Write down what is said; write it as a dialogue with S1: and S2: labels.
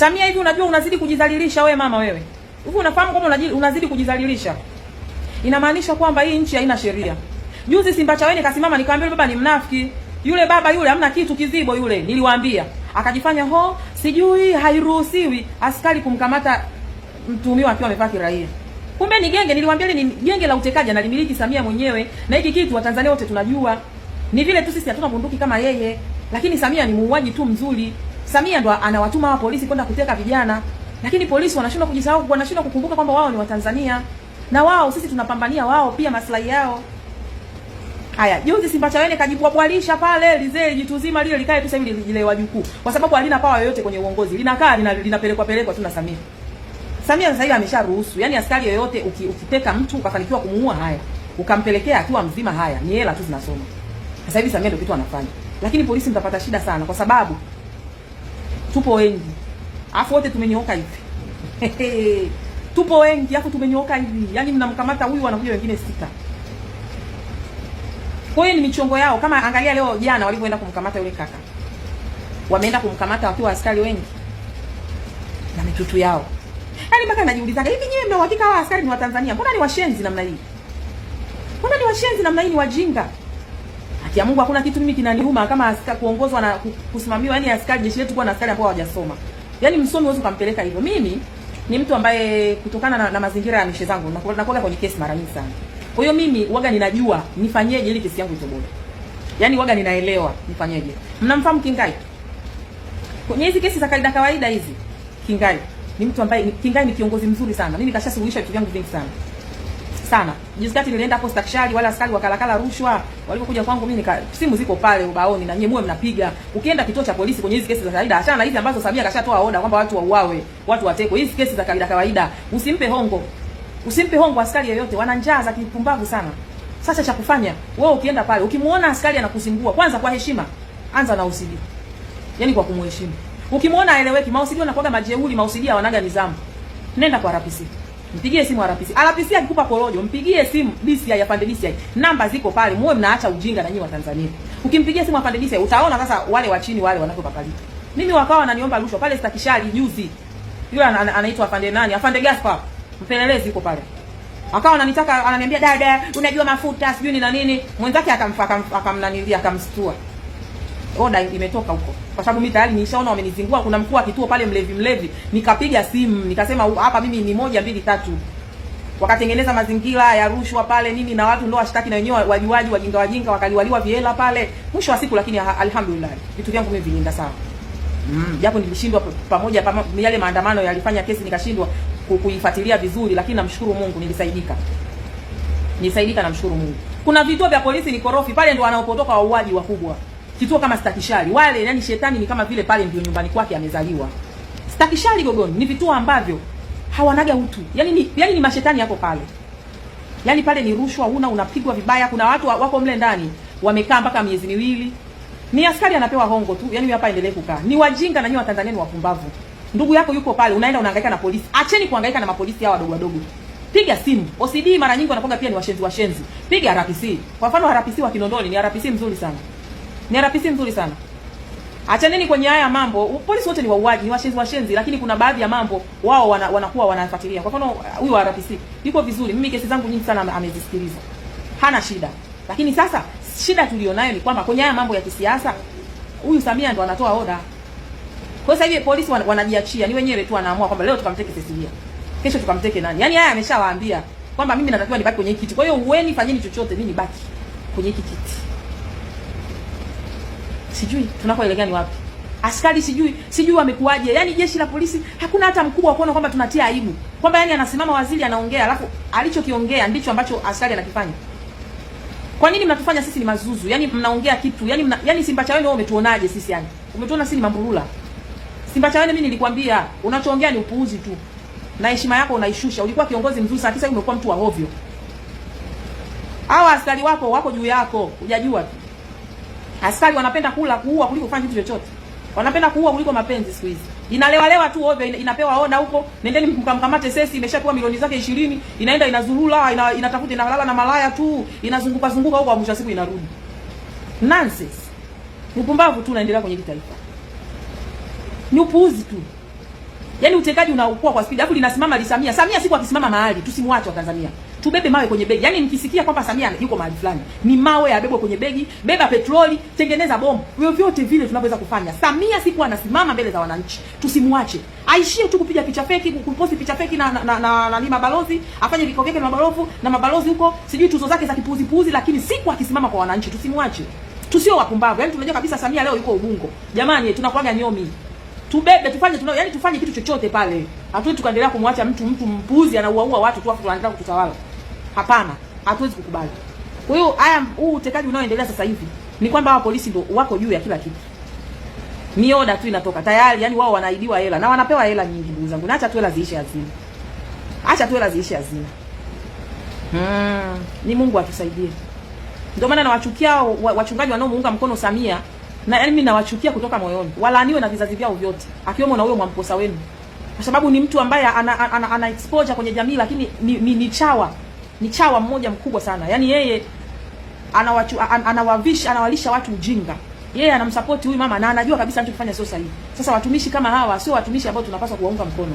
S1: Samia, hivi unajua unazidi kujidhalilisha wewe mama wewe. Hivi unafahamu kwamba unazidi kujidhalilisha? Inamaanisha kwamba hii nchi haina sheria. Juzi Simba Chaweni kasimama nikamwambia baba ni mnafiki. Yule baba yule hamna kitu kizibo yule, niliwaambia. Akajifanya ho, sijui hairuhusiwi askari kumkamata mtuhumiwa akiwa amevaa kiraia. Kumbe ni genge, niliwaambia ni genge la utekaji na limiliki Samia mwenyewe na hiki kitu Watanzania wote tunajua. Ni vile tu sisi hatuna bunduki kama yeye, lakini Samia ni muuaji tu mzuri. Samia ndo anawatuma wa polisi kwenda kuteka vijana, lakini polisi wanashindwa kujisahau, wanashindwa kukumbuka kwamba wao ni Watanzania na wao sisi tunapambania wao pia maslahi yao. Haya, juzi Simba Chawene kajibwabwalisha pale lizee jituzima lile likae tu sasa hivi lile wajukuu. Kwa sababu halina pawa yoyote kwenye uongozi. Linakaa lina, linapelekwa pelekwa tu na Samia. Samia sasa hivi amesharuhusu. Yaani askari yoyote uki, ukiteka mtu ukafanikiwa kumuua haya. Ukampelekea akiwa mzima haya. Ni hela tu zinasoma. Sasa hivi Samia ndio kitu anafanya. Lakini polisi mtapata shida sana kwa sababu tupo wengi, afu wote tumenyoka hivi tupo wengi afu tumenyooka hivi, yaani mnamkamata huyu wanakuja wengine sita. Kwa hiyo ni michongo yao. Kama angalia leo jana walivyoenda kumkamata yule kaka, wameenda kumkamata wakiwa askari wengi na mitutu yao. Yaani mpaka najiulizaga hivi, nyewe mna uhakika hawa askari ni Watanzania? Mbona ni washenzi namna hii? Mbona ni washenzi namna hii? Ni wajinga. Ati ya Mungu, hakuna kitu mimi kinaniuma kama askari kuongozwa na kusimamiwa, yani askari jeshi letu kuwa na askari ambao hawajasoma. Yani msomi huwezi ukampeleka hivyo. Mimi ni mtu ambaye kutokana na, na mazingira ya mishe zangu na nakuwa kwenye kesi mara nyingi sana. Kwa hiyo mimi waga ninajua nifanyeje ili kesi yangu itobole. Yaani waga ninaelewa nifanyeje. Mnamfahamu Kingai? Kwenye hizi kesi za kawaida kawaida hizi Kingai ni mtu ambaye Kingai ni kiongozi mzuri sana. Mimi kashasuluhisha vitu vyangu vingi sana sana. Juzi kati nilienda hapo stakishari, wala askari wakalakala rushwa. Walipokuja kwangu mimi nika simu ziko pale ubaoni na nyemwe mnapiga. Ukienda kituo cha polisi kwenye hizi kesi za kawaida, achana na hizi ambazo Samia kashatoa oda kwamba watu wauawe, watu watekwe. Hizi kesi za kawaida kawaida, usimpe hongo. Usimpe hongo askari yeyote, wana njaa za kipumbavu sana. Sasa cha kufanya, wewe ukienda pale, ukimuona askari anakusimbua, kwanza kwa heshima, anza na usidi. Yaani kwa kumheshimu. Ukimuona aeleweki, mausidi wanakuwa majeuri, mausidi wanaga nizamu. Nenda kwa rapisi. Mpigie simu arapisi arapisi akikupa porojo, mpigie simu DCI ya afande DCI Namba ziko pale, muwe mnaacha ujinga na nyinyi wa Tanzania. Ukimpigia simu afande DCI utaona sasa wale wa chini wale wanavyopakalika. Mimi wakawa wananiomba rushwa pale Stakishari juzi. Yule an, an, anaitwa afande nani? Afande Gaspar. Mpelelezi yuko pale. Akawa ananitaka ananiambia dada, unajua mafuta, sijui ni na nini. Mwenzake akamfaka akamnanilia akamstua oda imetoka huko, kwa sababu mimi tayari nishaona wamenizingua. Kuna mkuu wa kituo pale mlevi mlevi, nikapiga simu nikasema hapa mimi ni moja mbili tatu, wakatengeneza mazingira ya rushwa pale nini na watu ndio washtaki na wenyewe wajuaji wajinga wajinga wakaliwaliwa viela pale. Mwisho wa siku lakini alhamdulillah vitu vyangu mimi vilienda sawa, mm, japo nilishindwa pamoja pa, yale maandamano yalifanya kesi nikashindwa kuifuatilia vizuri, lakini namshukuru Mungu nilisaidika, nisaidika, namshukuru Mungu. Kuna vituo vya polisi ni korofi pale, ndio wanaopotoka wauaji wakubwa kituo kama Stakishari wale, yani shetani ni kama vile pale ndio nyumbani kwake amezaliwa. Stakishari Gogoni ni vituo ambavyo hawanaga utu, yani ni, yani ni mashetani yako pale, yani pale ni rushwa, huna unapigwa vibaya. Kuna watu wako mle ndani wamekaa mpaka miezi miwili, ni askari anapewa hongo tu, yani hapa endelee kukaa. Ni wajinga na nyinyi Watanzania ni wapumbavu. Ndugu yako yuko pale, unaenda unahangaika na polisi. Acheni kuhangaika na mapolisi hao wadogo wadogo. Piga simu. OCD mara nyingi wanapoga pia ni washenzi washenzi. Piga RPC. Kwa mfano RPC wa Kinondoni ni RPC mzuri sana ni RPC mzuri sana. Acha nini kwenye haya mambo. Polisi wote ni wauaji, ni washenzi washenzi, lakini kuna baadhi ya mambo wao wana, wanakuwa wanafuatilia. Kwa mfano huyu wa RPC yuko vizuri. Mimi kesi zangu nyingi sana amezisikiliza. Hana shida. Lakini sasa shida tulionayo ni kwamba kwenye haya mambo ya kisiasa huyu Samia ndo anatoa oda. Kwa sasa hivi polisi wan, wanajiachia, ni wenyewe tu wanaamua kwamba leo tukamteke Cecilia. Kesho tukamteke nani? Yaani haya ameshawaambia kwamba mimi natakiwa nibaki kwenye kiti. Kwa hiyo uweni fanyeni chochote mimi nibaki kwenye kiti sijui tunakoelekea ni wapi, askari sijui sijui wamekuaje. Yani jeshi la polisi hakuna hata mkubwa wa kuona kwamba tunatia aibu kwamba yani anasimama waziri anaongea, alafu alichokiongea ndicho ambacho askari anakifanya. Kwa nini mnatufanya sisi ni mazuzu? Yani mnaongea kitu yani mna, yani Simba Chaweni wewe umetuonaje sisi? Yani umetuona sisi ni mambulula? Simba Chaweni mimi nilikwambia unachoongea ni upuuzi tu, na heshima yako unaishusha. Ulikuwa kiongozi mzuri sana, sasa umekuwa mtu wa ovyo. Hawa askari wako wako juu yako, hujajua tu. Askari wanapenda kula kuua kuliko kufanya kitu chochote. Wanapenda kuua kuliko mapenzi siku hizi. Inalewa lewa tu ovyo, inapewa oda huko, nendeni mkamkamate sesi imeshapewa milioni zake 20, inaenda inazurula, ina, inatafuta inalala na malaya tu, inazunguka zunguka huko mwisho siku inarudi. Nonsense. Upumbavu tu unaendelea kwenye kitaifa. Ni upuuzi tu. Yaani utekaji unaokuwa kwa spidi. Alafu linasimama lisamia. Samia siku akisimama mahali, tusimwache wa Tanzania tubebe mawe kwenye begi. Yaani nikisikia kwamba Samia yuko mahali fulani, ni mawe yabebwe kwenye begi, beba petroli, tengeneza bomu, vyovyote vile tunavyoweza kufanya. Samia siku anasimama mbele za wananchi, tusimuache. aishie tu kupiga picha feki, kuposti picha feki na na, na, na, na, na mabalozi, afanye vikao vyake na mabalozi na mabalozi huko, sijui tuzo zake za kipuzi puzi, lakini siku akisimama kwa wananchi, tusimuache. tusio wapumbavu. Yaani tunajua kabisa Samia leo yuko Ubungo, jamani, tunakuaga nyomi tubebe tufanye tuna, yani tufanye kitu chochote pale, hatuwezi tukaendelea kumwacha mtu mtu mpuzi anauaua watu tu afu tunaendelea kututawala. Hapana, hatuwezi kukubali. Kwa hiyo haya, huu utekaji unaoendelea sasa hivi ni kwamba hawa polisi ndio wako juu ya kila kitu. Mioda tu inatoka tayari, yani wao wanaidiwa hela na wanapewa hela nyingi. Ndugu zangu, acha tu hela ziishe hazina, acha tu hela ziishe hazina. Hmm, ni Mungu atusaidie. Ndio maana nawachukia wachungaji wanaomuunga mkono Samia na yani mimi nawachukia kutoka moyoni, walaaniwe na vizazi vyao vyote, akiwemo na huyo Mwamposa wenu, kwa sababu ni mtu ambaye ana, ana, ana, ana exposure kwenye jamii, lakini ni, ni, ni chawa ni chawa mmoja mkubwa sana, yaani yeye anawachu, an, anawavisha anawalisha watu ujinga. Yeye anamsupport huyu mama na anajua kabisa anachokifanya sio sahihi. Sasa watumishi kama hawa sio watumishi ambao tunapaswa kuwaunga mkono.